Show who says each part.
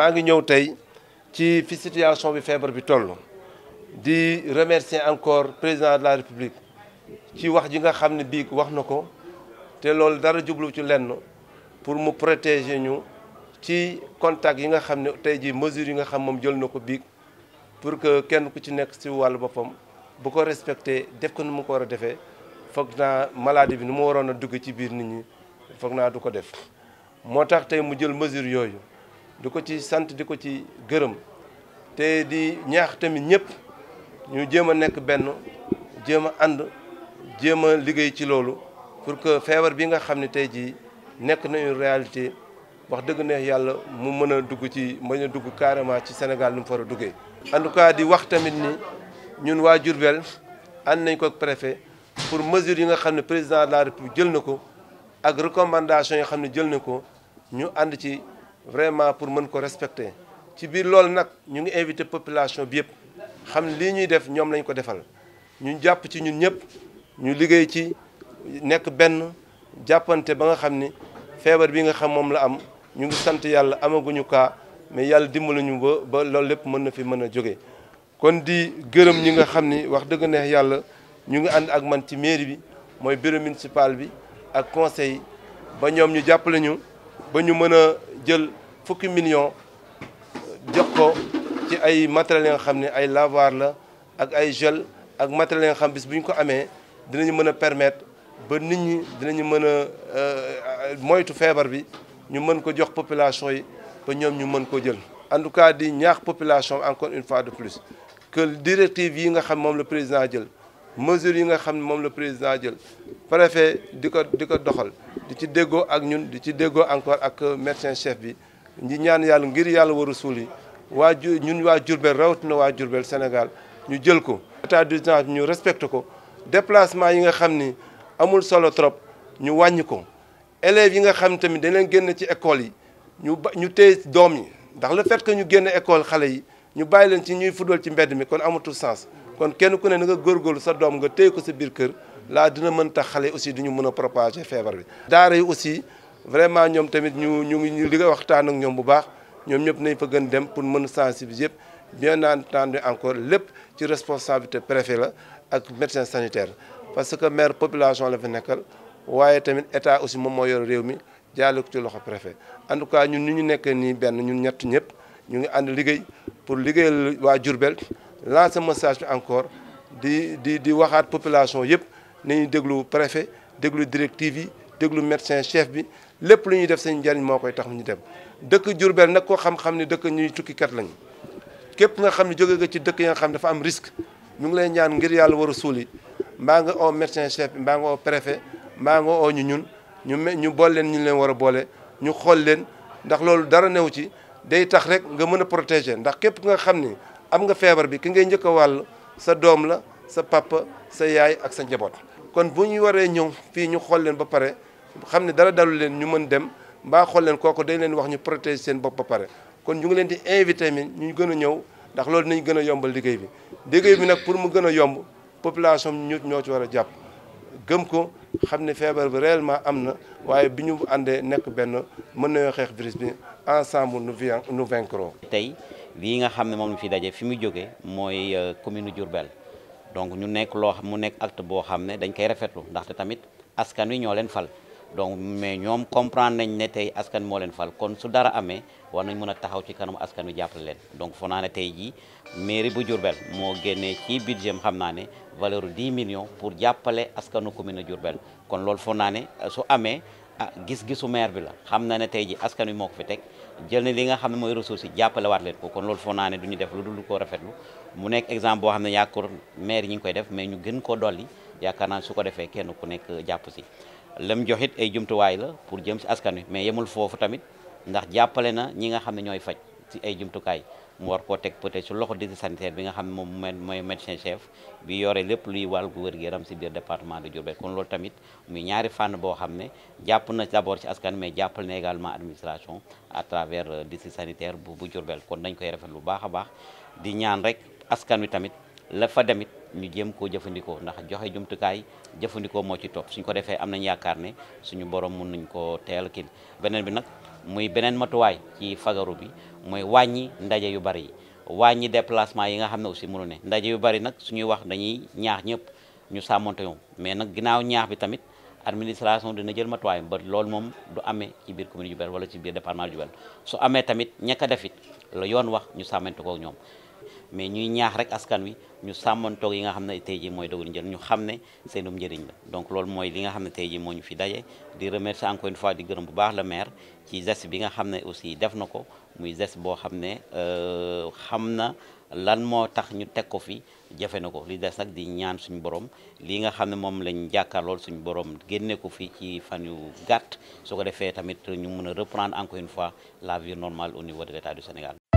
Speaker 1: maa ngi ñëw tey ci fi situation bi feebar bi toll di remercier encore président de la république ci wax ji nga xam ne bii wax na ko te dara jublu ci lenn pour me protéger ñu ci contact yi nga xam ne tey jii mesures yi nga xam moom jël na ko pour que kenn ku ci nekk si wàllu boppam bu ko respecté def ko nu mu ko war a defee maladie bi nu mu waroon a dugg ci biir nit ñi foog naa du ko def moo mu jël mesure yooyu di ko ci sant di ko ci gërëm te di ñaax tamit ñëpp ñu jéem a nekk benn jéem a ànd jéem a liggéey ci loolu pour que feebar bi nga xam ne tey jii nekk nañu réalité wax dëgg neex yàlla mu mën a dugg ci mën a dugg carrément ci Sénégal nu mu far a duggee. en tout cas di wax tamit ni ñun waa jur Diourbel ànd nañ ko ak préfet pour mesure yi nga xam ne président de la République jël na ko ak recommandation yi xam ne jël na ko ñu ànd ci. vraiment pour mën ko respecter ci biir loolu nag ñu ngi invité population bi yëpp xam lii ñuy def ñoom lañ ko defal ñu jàpp ci ñun ñëpp ñu liggéey ci nekk benn jàppante ba nga xam ni feebar bi nga xam moom la am ñu ngi sant yàlla amaguñu kaa mais yàlla dimbali ñu ba ba loolu lépp mën na fi mën a jóge kon di gërëm ñi nga xam ni wax dëgg neex yàlla ñu ngi ànd ak man ci mairie bi mooy bureau municipal bi ak conseil ba ñoom ñu jàppale ñu. ba ñu mën jël fukki millions jox ko ci ay matériel nga xamné ay lavoir la ak ay gel ak matériel nga xam bis buñ ko amé dinañu mëna permettre ba nit ñi dinañu mëna euh moytu fièvre bi ñu mën ko jox population yi ba ñom ñu mën ko jël. en tout cas di ñaax population encore une fois de plus que directive yi nga xam mom le président jël. mesures yi nga xam ne moom la président jël préfet di ko di ko doxal di ci déggoo ak ñun di ci déggoo encore ak médecin chef bi ñi ñaan yàlla ngir yàlla waru suul yi waa ju ñun waa Diourbel rawatina waa Diourbel Sénégal ñu jël ko. état d'urgence ñu respecté ko déplacement yi nga xam ni amul solo trop ñu wàññi ko élèves yi nga xam tamit dañ leen génn ci école yi ñu ba ñu tey doom yi ndax la fait que ñu génn école xale yi ñu bàyyi leen ci ñuy fudal ci mbedd mi kon amatul sens. kon kenn ku ne na góor góorgóorlu sa doom nga téye ko sa biir kër laa dina mën tax xale aussi duñu mën a propager feebar bi. daara yi aussi vraiment ñoom tamit ñu ñu ngi li nga waxtaan ak ñoom bu baax ñoom ñëpp nañ fa gën dem pour mën sensibiliser yëpp bien entendu encore lépp ci responsabilité préfet la ak médecin sanitaire parce que maire population la fi nekkal waaye tamit état aussi moom moo yor réew mi jaale ko ci loxo préfet en tout cas ñun ñu ñu nekk nii benn ñun ñett ñëpp ñu ngi ànd liggéey pour liggéey waa Diourbel lancer message bi encore di di di waxaat population yëpp nañu déglu préfet déglu directive yi déglu médecin chef bi lépp lu ñuy def seen njariñ moo koy tax ñu dem dëkk Diourbel nag koo xam-xam ne dëkk ñuy tukkikat lañu képp nga xam ne jóge nga ci dëkk yi nga xam ne dafa am risque ñu ngi lay ñaan ngir yàlla war a suuli mbaa nga oo médecin chef bi mbaa nga oo préfet mbaa nga oo ñu ñun ñu me ñu boole leen ñu leen war a boole ñu xool leen ndax loolu dara new ci day tax rek nga mën a protéger ndax képp nga xam ni am nga feebar bi ki ngay njëkk a wàll sa doom la sa papa sa yaay ak sa njaboot. kon bu ñu waree ñëw fii ñu xool leen ba pare xam ne dara dalu leen ñu mën dem mbaa xool leen kooku dañ leen wax ñu protéger seen bopp ba pare kon ñu ngi leen di invité mi ñu gën a ñëw ndax loolu dinañ gën a yombal liggéey bi liggéey bi nag pour mu gën a yomb population ñu ñoo ci war a jàpp gëm ko xam ne feebar bi réellement am na waaye bi ñu àndee nekk benn mën nañoo xeex virus bi ensemble nous vaincrons
Speaker 2: tey lii nga xam ne moom la fi daje fi mu jóge mooy euh, commune Diourbel donc ñu nekk loo xam mu nekk act boo xam ne dañ koy rafetlu ndaxte tamit askan wi ñoo leen fal donc mais ñoom comprendre nañ ne tey askan moo leen fal kon su dara amee war nañ mën a taxaw ci kanam askan wi jàppale leen donc foo naa ne tey jii mairie bu Diourbel moo génnee ci budget xam naa ne valeur 10 millions pour jàppale askanu commune Diourbel kon loolu foo naa ne euh, su amee ah gis-gisu maire bi la xam na ne tey ji askan wi moo ko fi teg jël na li nga xam ne mooy ressources yi jàppalewaat leen ko kon loolu foo naa du ñu def lu dul ko rafetlu mu nekk exemple boo xam ne yaakaar maire yi ñu ngi koy def mais ñu gën koo yaakaar naa su ko defee kenn ku nekk jàpp si lam joxit ay jumtuwaay la pour jëm si askan wi mais yemul foofu tamit ndax jàppale na ñi nga xam ne ñooy faj si ay jumtukaay mu war koo teg peut su ci loxo district sanitaire bi nga xam ne moom mooy médecin chef bi yore lépp luy wàllu wér-gu-yaram ci biir département de Diourbel kon loolu tamit muy ñaari fànn boo xam ne jàpp na d'abord ci askan mais jàppal na également administration à travers euh, district sanitaire bu bu Diourbel kon dañ koy rafet lu baax a baax di ñaan rek askan wi tamit la fa demit ñu jëm koo jëfandikoo ndax joxe jumtukaay jëfandikoo moo ci topp suñ ko defee am nañ yaakaar ne suñu borom mun nañ koo teel kii beneen bi nag muy beneen matuwaay ci fagaru bi mooy wàññi ndaje yu bari yi wàññi déplacement yi nga xam ne aussi mënu ne ndaje yu bari nag suñuy wax dañuy ñaax ñëpp ñu sàmmonte ñoom mais nag ginnaaw ñaax bi tamit administration dina jël matuwaayam ba lool moom du amee ci biir commune Diourbel wala ci biir département Diourbel su amee tamit ñekka defit la yoon wax ñu sàmmante kook ñoom mais ñuy ñaax rek askan wi ñu sàmmoon toog yi nga xamne ne tey jii mooy dogal ñu xamne seenum njëriñ la donc lool moy li nga xamne ne tey jii fi dajé di remercier encore une fois di gërëm bu baax le maire ci geste bi nga xamne aussi def nako muy geste bo xamne euh xamna lan mo tax ñu tek ko fi jafé nako li dess nak di ñaan suñu borom li nga xamne ne lañu jaakar lool suñu borom génné ko fi ci fan yu gatt su ko defee tamit ñu mëna reprendre encore une fois la vie normale au niveau de l'État du Sénégal